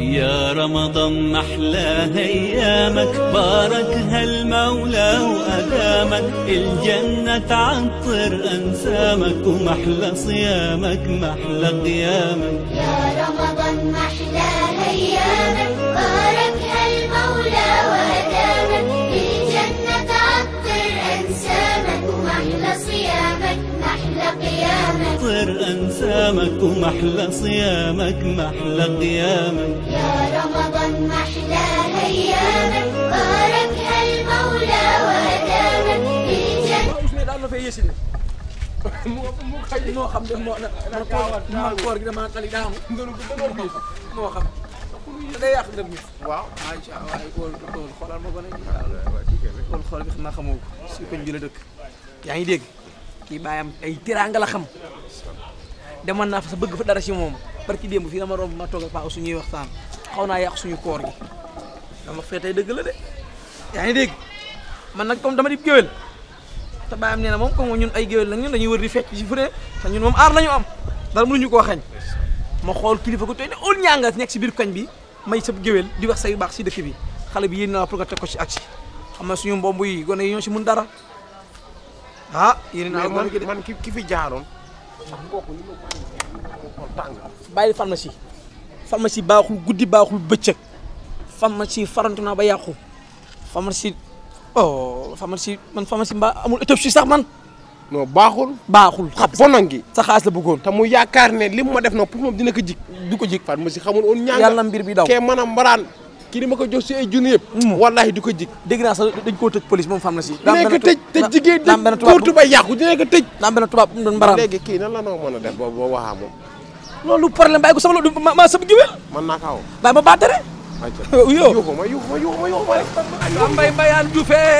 يا رمضان محلى ايامك بارك هالمولى وادامك الجنه تعطر انسامك ومحلى صيامك محلى قيامك يا رمضان محلى ايامك بارك هالمولى وادامك الجنه تعطر انسامك ومحلى صيامك محلى قيامك خاطر أنسامك ومحلى صيامك محلى قيامك يا رمضان محلى أيامك باركها المولى وأدامك بالجنة moo xam moo xam ne moo man man koor gi damaa tali daamu. moo xam. day yàq ndëm ñëpp. waaw macha allah waaye koor xoolal ma ba ne. waaw waaw xool bi xam naa xamoo ko. su ko ñu la dëkk. yaa ngi dégg. kii baayam ay teraanga la xam demoon naa fa sa bëgg fa dara si moom parce que démb fii dama romb ma toog ak paa suñuy waxtaan xaw naa yàq suñu koor gi dama fee tey dëgg la de yaa ngi dégg man nag comme dama di géwél te baayam nee moom comme ñun ay géwél lañ ñun dañuy wër di fecc ci fure te ñun moom aar lañu am dara mënuñu koo xañ ma xool kilifa ko tooy ne ol ñaanga nekk si biir kañ bi may sab géwél di wax say baax si dëkk bi xale bi yéen naa pour nga ko ci ak xam na suñu mbomb yi gone si mun dara ah yéen a man man ki fi jaaroon. kooku li ma tàng. bàyyi pharmacie. pharmacie baaxul guddi baaxul bëccëg. pharmacie farantu naa ba yàqu. pharmacie oh pharmacie man pharmacie mbaa amul étoffe si sax man. non baaxul. baaxul xam bonan gi sa xaalis la bëggoon. te mu yaakaar ne li mu ma def noonu pour moom dina ko jik du ko jik pharmacie xamul woon. ñaanga yàlla mbir bi daw kee mën a mbaraan. kii ni ma ko jox si ay junni yëpp mm. wallaahi du ko jig dégg naa sax dañ koo tëj police moom fam na si dina ko tëj te jigéen dañ kóortu ba yàqu dina ko tëj daa am benn tubaab mu doon mbaraam léegi kii nan la noo mën a def boobu boo waxaa moom loolu problème bàyyi ko sama loolu ma sama giwél man naa kaaw bàyyi ma baatere yo yuuxu ma yuuxu ma yuuxu ma yuuxu ma rek mbay mbayaan juufee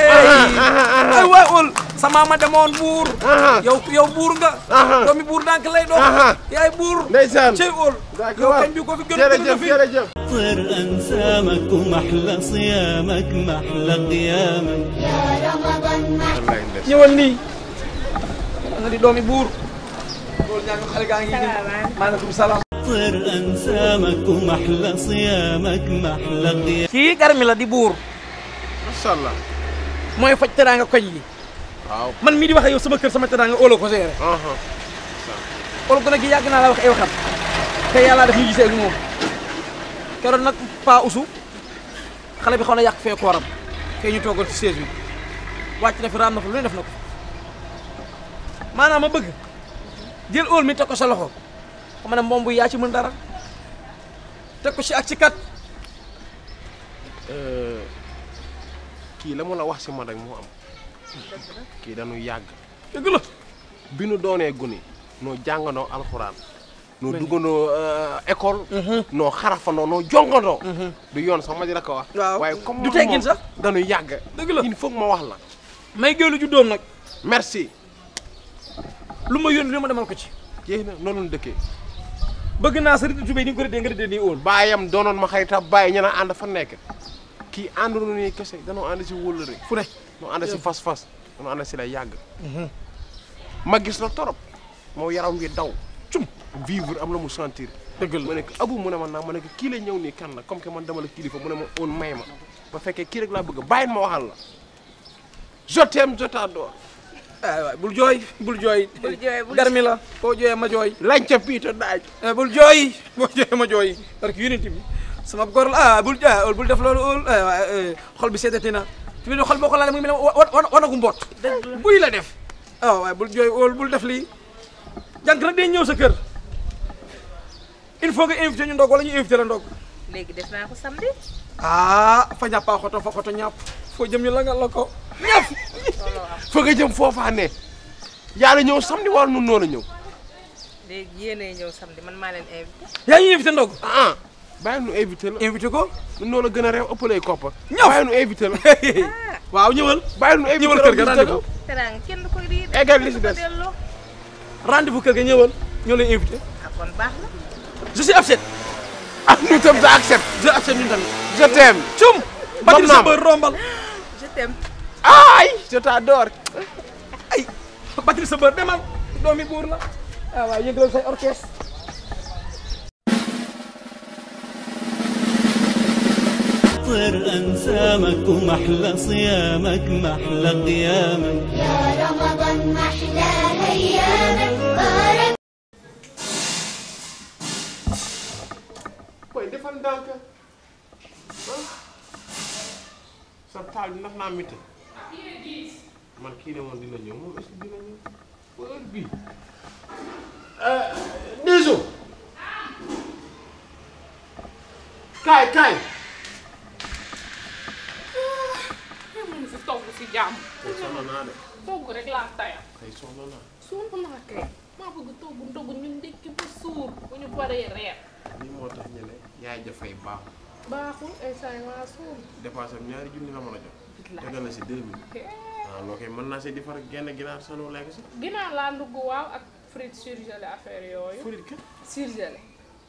ay waay ol sama ma demoon buur. yow yow buur nga. doomi buur dank lay doon. yaay buur. ndeysaan cey óol. yow kañ bi ko fi gën a gën a fi jërëjëf jërëjëf. ñëwal nii. nga di doomi buur. loolu ñaa ngi xale gaa ngi nii. maaleykum salaam. kii garmi la di buur. macha allah. mooy faj teraanga koñ yi. waaw man mii di wax yow sama kër sama teraanga óoloo ko gérer. óoloo ko nag yàgg naa la wax ay waxam te yàlla daf ñu gisee ak moom keroog nag Pa Oussou xale bi xaw na yàq fee kooram kay ñu toogal ci siège bi wàcc na fi raam na fa lu ne def na ko maanaam a bëgg jël óol mi teg ko sa loxo xam ne moom bu yaa ci mën dara teg ko si ak si kat. Euh, kii la mu a wax si man rek moo am. kii dañu yàgg. dëgg la bi nu doonee guni noo jàngandoo alxuraan. noo duggandoo euh, école. Mhm. noo xarafandoo noo jongandoo. du mhm. yoon sax ma di ko wax. waaye comme du teggin sax dañu yàgg. dëgg la il faut ma wax la. may géelu juddoom nag. merci. lu ma yónni li ma demal ko ci. yéen a noonu dëkkee. bëgg naa sa rëdd tubéy ni nga ko rëddee nga rëddee nii óol bàyyam doonoon ma xëy ta bàyyi ña na ànd fa nekk kii àndoon nii kese danoo ànd si wóllëre fu ne nu ànd si fas fas nu ànd si la yàgg. Mhm. ma gis la torop moo yaraw ngi daw cum vivre am na mu sentir. dëgg ma ne ko abu mu ne ma naa ma ne ko kii la ñëw nii kan la comme que man dama la kilifa mu ne ma oon may ma ba fekkee kii rek laa bëgg bàyyin ma waxal la je t'aime je t'adore eh, aywa bul jooy bul jooy. bul jooy bul garmi la boo jooyee ma jooy. lañ ca piita daaj. Eh, bul jooy boo jooyee ma jooy parce que unité bi sama gor la ah bul ah bul def loolu eh, xol bi seetati fi mu xol ko laalee mu ngi mel ne wanagu mboot. buy la def. ah bul jooy wóol bul def lii jànk nag day ñëw sa kër il faut nga invité ñu ndog wala ñu invité la ndog. léegi def naa ko ah fa ñàppaa xoto fa xoto ñàpp foo jëm ñu la nga la ko ñàpp. fa jëm foofaa yaa la ñëw samedi wala nun noonu ñëw. ñëw man maa leen invité. yaa ngi invité ndog ah, ah. bàyyi nu invité la invité ko. noonu la gën a réew ëppalee koppa. ñëw bàyyi nu invité la. waaw ñëwal. bàyyi nu invité ñëwal kër kenn du ko di. eggal li si des rendez-vous kër ga ñëwal ñoo lay invité. ah kon baax na. je suis accepte. ah ñu tam sa accepte. je cum. mën naa rombal. je t'aime. ay je t'adore. ay Patrice Beur demal doomi buur انتظر انسامك ومحلى صيامك محلى قيامك يا رمضان محلى ايامك بارك koy defal ndànk sa taal bi ndax naa métti man kii ne moom dina ñëw moom est-ce que dina ñëw ba heure bii Diso euh, kaay kaay jàmm. naa de. togg rek laa tayam. tey soxla naa. soxla naa kay. maa bëgg togg togg ñu ndekki ba suur bu ñu paree reer. lii moo tax ñu yaay jafay baax. baaxul ay saa suur. dépassé ñaari junni la mën a jox. tegal na si deux mille. waaw loo mën naa si di far genn ginaar sanu lekk si. ginaar laa ndugg waaw ak frites surgelé affaire yooyu. frites kër surgelé.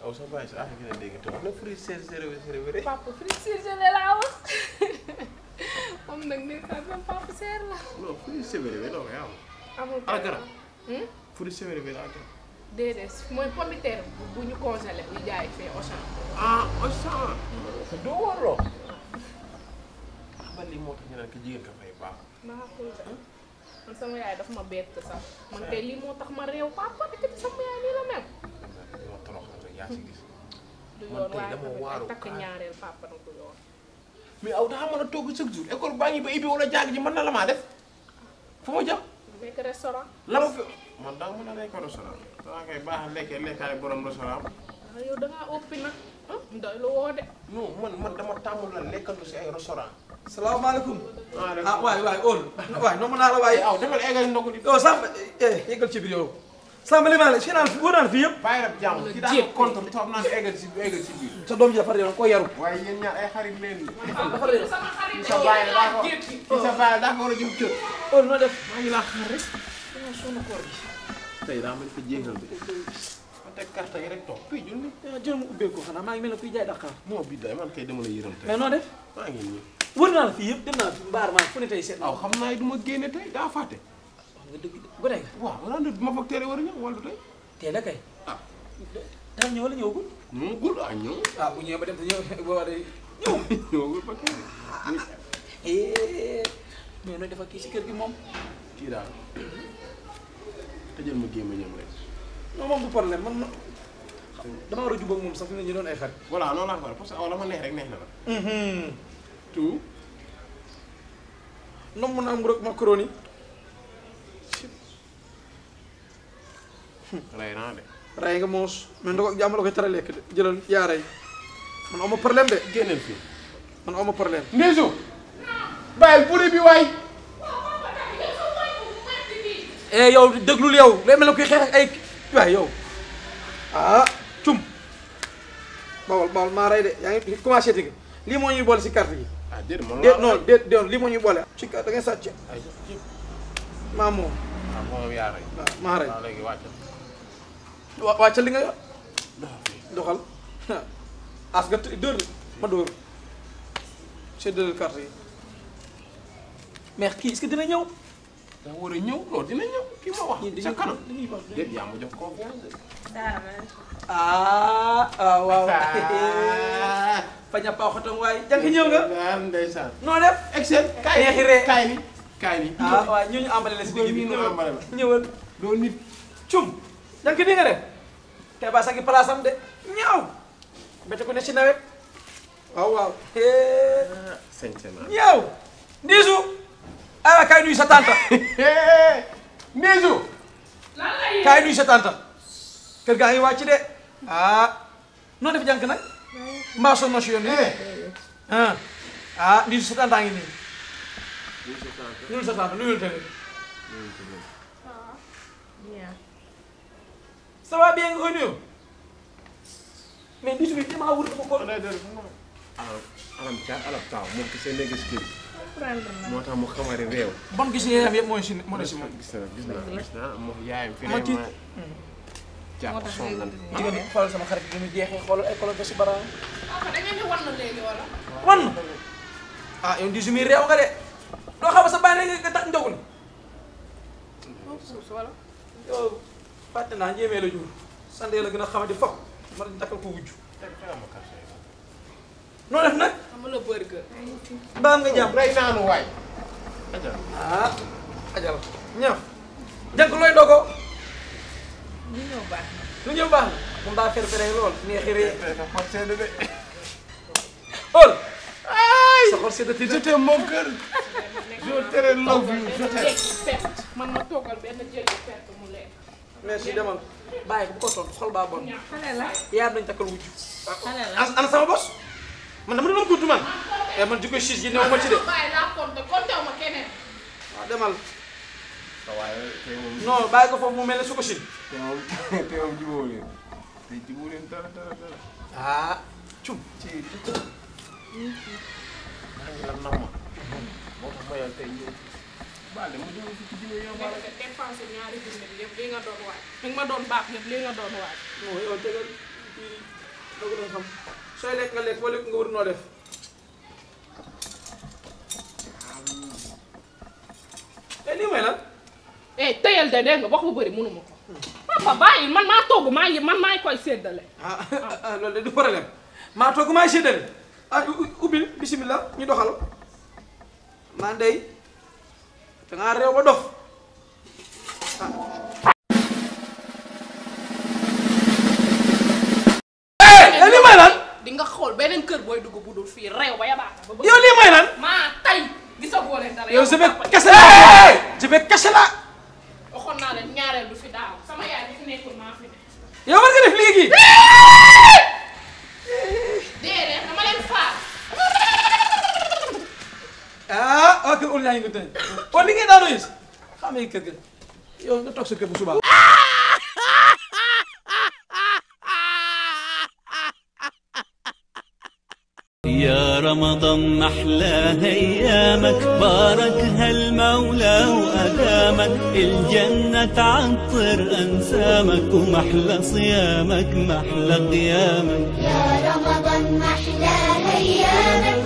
aw sa bàyyi si affaire yi la dégg te wax na frites surgelé bi papa moom nag nii xam nga seer la. fu ñu sévéré bi loo koy am. amul dara fu ñu sévéré bi laa gën. déedéet mooy pomiteer bu ñu congelé ñu jaay fee Auchan. ah Auchan. doo warloo. man lii moo tax ñu ko sama yaay daf ma bett sax man kay lii moo tax ma réew papa dëkk sama yaay nii la mel. yaa ci gis. takk ñaareel papa nag yoon. mais aw daa mën a togg chaque jour école baa ngi ba ibbi wala jàng ji man na la maa def fu ma jëm. la ma fi man daa mën a lekk restaurant. daa koy baax lekkee lekkaale borom restaurant. waaw ah, yow da ngaa ëpp nag ndoy lu woo de. non man dama tàmm la lekkandu si ay restaurant. salaamaaleykum. ah waay waay Oudou. waay nomb naa la waaye aw demal eggal ndogu di. yow sax yeggal eh, ci biir yow. sàmm li ma la si fii yëpp. bàyyi la jàmm ki daa contre toog naan eggal ci sa doom ji dafa réew nga ko yaru. waaye yéen ñaar ay xarit leen. dafa réew ki sa la a def maa ngi laa xaar rek. dama sonn koor gi. tey bi. ma teg carte yi rek toog. kuy julli. jël mu ubbee xanaa maa ngi mel ne kuy jaay Dakar. non bii day man kay dama la yërëm tey. mais noo def. maa ngi nii. wër naa la fii yëpp dem naa mbaar maa fu ne tey seet. aw xam naa du ma génne tey daa fàtte nga dëgg gone nga. waaw maanaam du ma foog teel a war a ñëw wala du tey. teel a kay. ah daa ñëw wala ñëwagul. ñëwagul ah ñëw. ah bu ñëwee ba dem te ñëw boo waree si kër gi moom. kii daal tëjal ma gémma ñoom rek. non moom du dama war a jubóog moom sax fi ñu doon ay xarit. voilà noonu laa ko parce que ma neex rek neex na la. Mm-hmm. tout. nomm naa am rek macaroni. rey naa de. rey nga moos mais ndox jàmm la koy lekk jëlal yaa man awma problème de. génneel fii man awma problème. Ndézo bàyyil bëre bi waay. eh yow déglul yow day mel ne kuy xeex ak ay ah, cum bawol bawol maa de yaa ngi commencé tëgg lii moo ñuy boole si carte gi. ah déedéet moom laa non déet déet lii moo ñuy boole. ci carte da maa moom. maa ah, moom yaa rey. waaw maa rey ah, waa waa ca li nga doxal as nga dóor ma dóor séddale carte yi mais kii est-ce dina ñëw. daa war a ñëw loolu dina def. excel kaay bi kaay bi kaay bi. Ah, ñëwal ñëwal. doo nit cum. jàng di nga def. Tebas eh. eh, a ngi place am mbete ku ne ci nawet waaw waaw. sincèrement ñaaw. Ndiisu. ah kaay nuyu sa tante. Ndiisu. lan la kër gaa ngi de ah noo def jànk nag mbaa sonn na si yoon bi ah ah Ndiisu sa tante a ngi nii. nuyu sa tante nuyu sa tante nuyul ça va bien nga koy nuyu mais bisu bi damaa wut ko. alors alam caa alam taaw moom gisee ne gis kii moo tax mu xamari réew. ban gis yaayam yëpp mooy si moo ne si moom. gis moom si bara. wan ah yow di sumi réew nga de doo xam sa bàyyi nga tax ndogul. fàtte naa njéemee la jur sandee la gën a xamante fop man dakkal ko wujj noo nag baa nga jàmm day naanu waay ajal ah ajal ñam jànk looy dogo lu ñëw baax na lu baax na moom lool neexi ree ol sa xol seddati je t'aime mon cœur je te love you merci demal bàyyi bu ko tontu xol baa bon. xale la yaayam dañu takkal wujj. xale la ana sama bos. man dama doon gudd man. te eh, man jikko siis yi néew ma ci de. bàyyi laa compter compter wu ma ah, demal. non bàyyi ko foofu mu mel ne su ko siin. te ah. moom baal dama doon ci junne nga doon waaj li baax yëpp li nga doon waaj non sooy lekk nga lekk boo lekk nga wër noo def eh lii mooy lan eh tëyal de dégg nga wax bu bëri mënuma ko papa bàyyi man maa togg maa man maay koy séddale ah, loolu de du problème maa togg maay séddale ah ubbil bismillah ñu doxal maa dangaa réew ba dof eh, eh, di nga xool beneen kër booy dugg bu fii réew ba yabaata eh! naa leen ñaareel du fi daaw sama yaay bi fi nekkul maa fi ne. yow war nga def liggéey. ah waa kër Oly nga tënk kon li ngeen daal di yës xam nga kër ga yow nga toog sa kër bu subaa. يا رمضان أحلى أيامك باركها المولى وأدامك الجنة عطر أنسامك ومحلى صيامك محلى قيامك يا رمضان أحلى أيامك